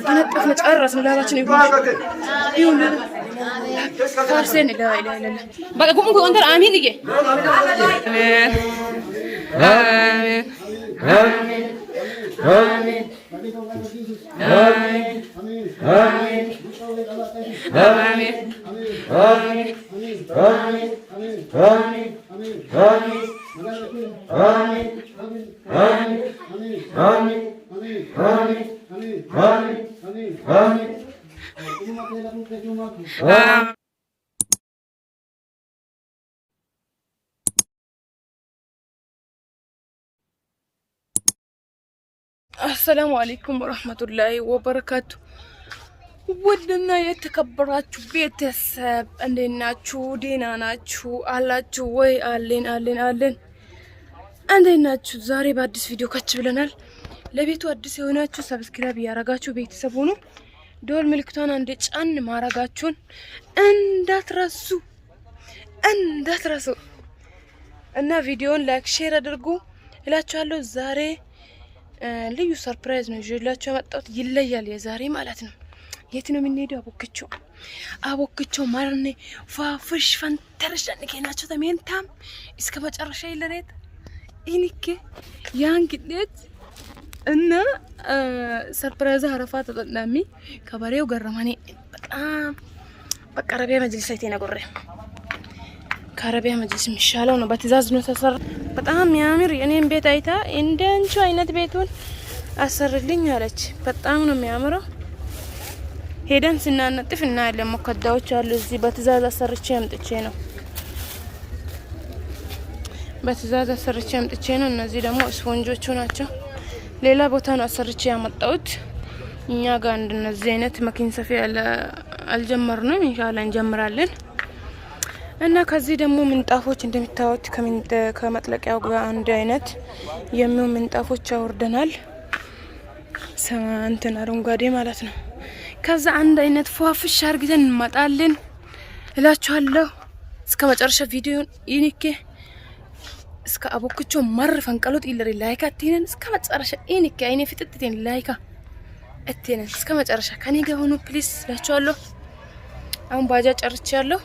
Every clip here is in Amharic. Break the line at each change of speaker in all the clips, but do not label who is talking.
ተነጠፍን ጨረስን። ላባችን ይሁን حسين لا لا لا بقى قوم قوم انتر امين لك امين امين امين امين امين امين امين امين امين امين امين Amen. አሰላሙ አሌይኩም ወረህመቱላሂ ወበረካቱ። ውድና የተከበራችሁ ቤተሰብ እንዴት ናችሁ? ደህና ናችሁ አላችሁ ወይ? አለን አለን አለን። እንዴት ናችሁ? ዛሬ በአዲስ ቪዲዮ ከች ብለናል። ለቤቱ አዲስ የሆናችሁ ሰብስክራይብ እያረጋችሁ ቤተሰብ ሆኑ። ደወል ምልክቷን አንድ ጫን ማረጋችሁን እንዳትረሱ እንዳትረሱ እና ቪዲዮን ላይክ ሼር አድርጉ እላችኋለሁ ዛሬ ልዩ ሰርፕራይዝ ነው ይዤላቸው የመጣሁት። ይለያል የዛሬ ማለት ነው። የት ነው የምንሄደው? አቦክቾ አቦክቾ ማርኔ ፋፍሽ ፈንተርሽ ንኬናቸው ተሜንታም እስከ መጨረሻ ይለሬት ይንኬ ያን ግዴት እና ሰርፕራይዝ አረፋ ተጠላሚ ከበሬው ገረመኔ በጣም በቀረቢያ መጅልስ አይቴ ነጉሬ ከአረቢያ መጅልስ የሚሻለው ነው። በትእዛዝ ነው ተሰራ። በጣም የሚያምር እኔም ቤት አይታ እንደ አንቺ አይነት ቤቱን አሰርልኝ አለች። በጣም ነው የሚያምረው። ሄደን ስናነጥፍ እናያለን። ሙከዳዎች አሉ እዚህ በትእዛዝ አሰርቼ አምጥቼ ነው በትእዛዝ አሰርቼ አምጥቼ ነው። እነዚህ ደግሞ ስፖንጆቹ ናቸው። ሌላ ቦታ ነው አሰርቼ ያመጣሁት። እኛ ጋር እንደነዚህ አይነት መኪን ሰፊ ያለ አልጀመርንም። ኢንሻአላ እንጀምራለን። እና ከዚህ ደግሞ ምንጣፎች እንደሚታዩት ከመጥለቂያው ጋር አንድ አይነት የሚሆ ምንጣፎች አውርደናል። እንትን አረንጓዴ ማለት ነው። ከዛ አንድ አይነት ፏፍሽ አርግተን እንመጣለን እላችኋለሁ። እስከ መጨረሻ ቪዲዮን ይንኬ እስከ አቦክቾ መር ፈንቀሎት ይለሪ ላይካ እትነን እስከ መጨረሻ ይንኬ አይኔ ፍጥጥቴን እቴን ላይካ እትነን እስከ መጨረሻ ከኔ ጋር ሆኑ ፕሊስ እላችኋለሁ። አሁን ባጃ ጨርቻለሁ።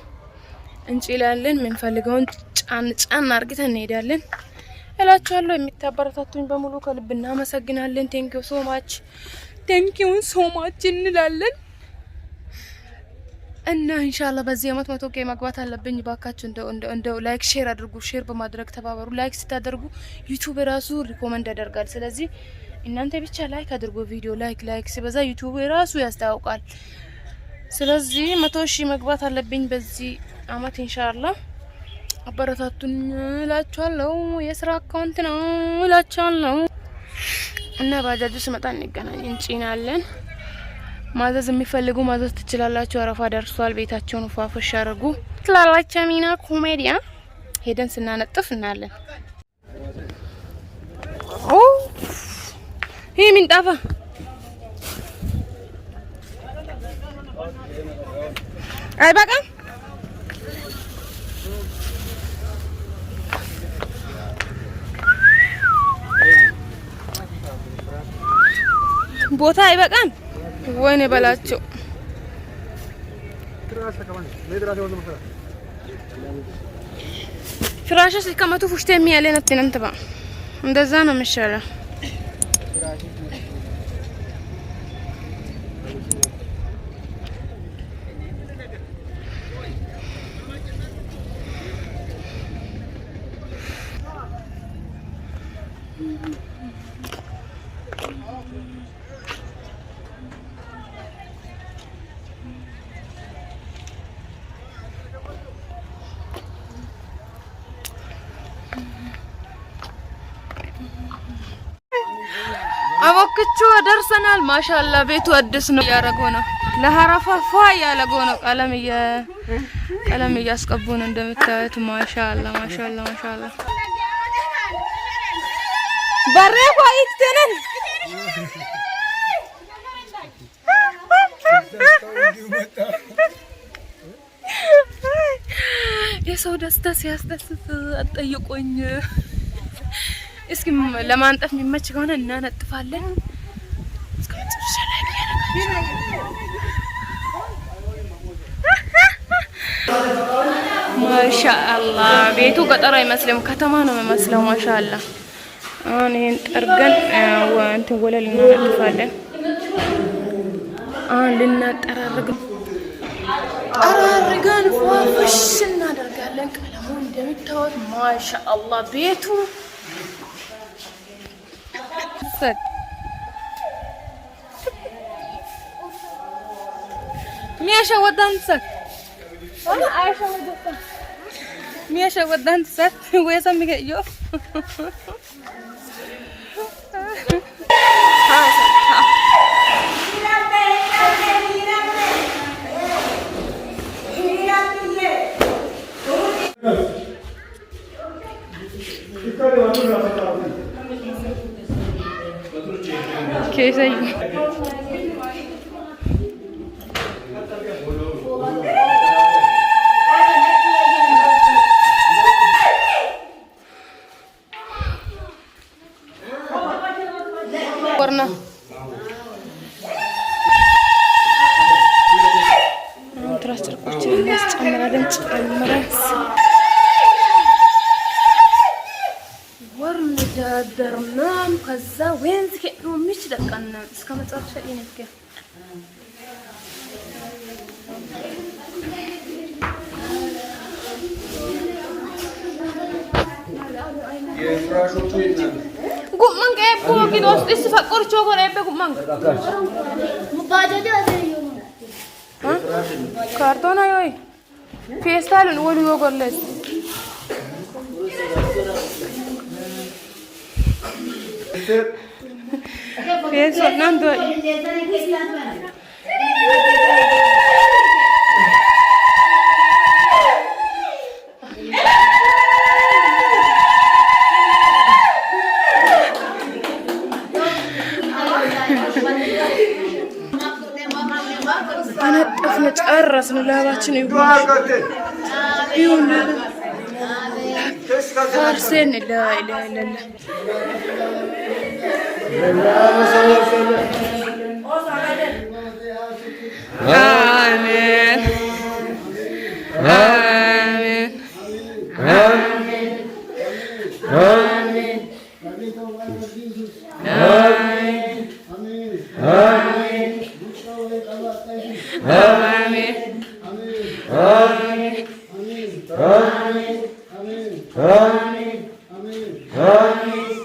እንጭላለን። የምንፈልገውን ጫን ጫን አርግተን እንሄዳለን እላችኋለሁ። የሚታበረታቱኝ በሙሉ ከልብ እናመሰግናለን። ቴንኪው ሶማች ቴንኪውን ሶማች እንላለን። እና ኢንሻአላህ በዚህ አመት መቶ ኬ መግባት አለብኝ። ባካችሁ እንደው እንደው ላይክ ሼር አድርጉ። ሼር በማድረግ ተባበሩ። ላይክ ስታደርጉ ዩቲዩብ ራሱ ሪኮመንድ ያደርጋል። ስለዚህ እናንተ ብቻ ላይክ አድርጉ። ቪዲዮ ላይክ ላይክ ሲበዛ ዩቲዩብ ራሱ ያስታውቃል። ስለዚህ መቶ ሺህ መግባት አለብኝ በዚህ አመት ኢንሻአላህ አበረታቱን እላችኋለሁ። የስራ አካውንት ነው እላችኋለሁ። እና ባጃጁ ስመጣ እንገናኝ። እንጭናለን። ማዘዝ የሚፈልጉ ማዘዝ ትችላላችሁ። አረፋ ደርሷል። ቤታቸውን ፏፈሽ አድርጉ። ትላላችሁ ሚና ኮሜዲያ ሄደን ስናነጥፍ እናለን። ኦ ይሄ ምንጣፋ አይበቃም። ቦታ አይበቃም። ወይኔ በላቸው። ፍራሽ ሲከመቱ ፉሽቴ የሚያለ ነት እንደዛ ነው የሚሻለው። አቦክቹ ደርሰናል። ማሻላ ቤቱ አዲስ ነው፣ እያረጉ ነው። ለሀረፋፋ እያለጎ ነው። ቀለም እየ ቀለም እያስቀቡ ነው እንደምታዩት። ማሻላ ማሻላ ማሻላ በሬ ኳይት የሰው ደስታ ሲያስደስት አጠይቆኝ። እስኪ ለማንጠፍ የሚመች ከሆነ እናነጥፋለን። ማሻአላህ ቤቱ ገጠር አይመስልም፣ ከተማ ነው የሚመስለው። ማሻአላህ አሁን ይሄን ጠርገን እንትን ወለል እናነጥፋለን። አሁን ልናጠራርግ ጠራርገን ፏፍሽ እናደርጋለን። ቀለሙ እንደሚታወቅ ማሻ አላህ ቤቱ ماشي ودانتك انا عايشه ودانتك ماشي ودانتك ويا سمي يو زيه صورنا تراستر كوتشي الناس تعمر هذا نتعمر ورنا دارنا مخزا وين زكي በቃ እስከ መጨረሻ ይነገር ጉማን ቀየቦ ጊዶስ ዲስ ፈቆርቾ ጎን አይበ ጉማን ካርቶና ዮይ ፌስታልን ወሉ ዮጎለስ Pienso, Nando. አነጠፍን ጨረስን። ላባችን ይሁን Mevlana sallallahu aleyhi ve sellem. Amin. Amin. Amin. Amin. Amin. Amin. Amin. Amin. Amin. Amin. Amin. Amin.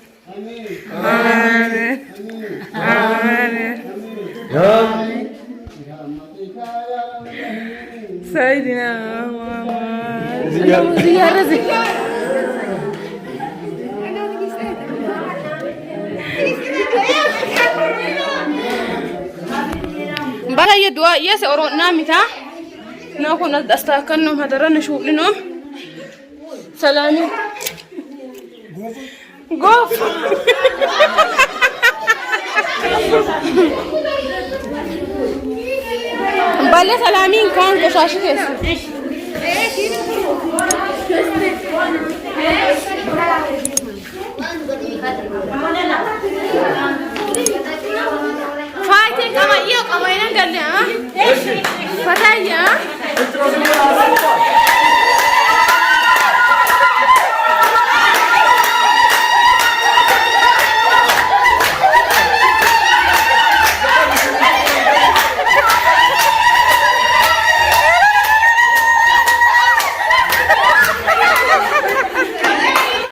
ባላየ ዱዋ የሰ ኦሮና ሚታ ነው ኮነ አስተካከል ነው ሀደረን ሹል ነው ሰላሚ ጎፍ ባለ ሰላሚ እንኳን ቆሻሽ ከስ Thank you. I think I'm a yoke. I'm a young girl. What are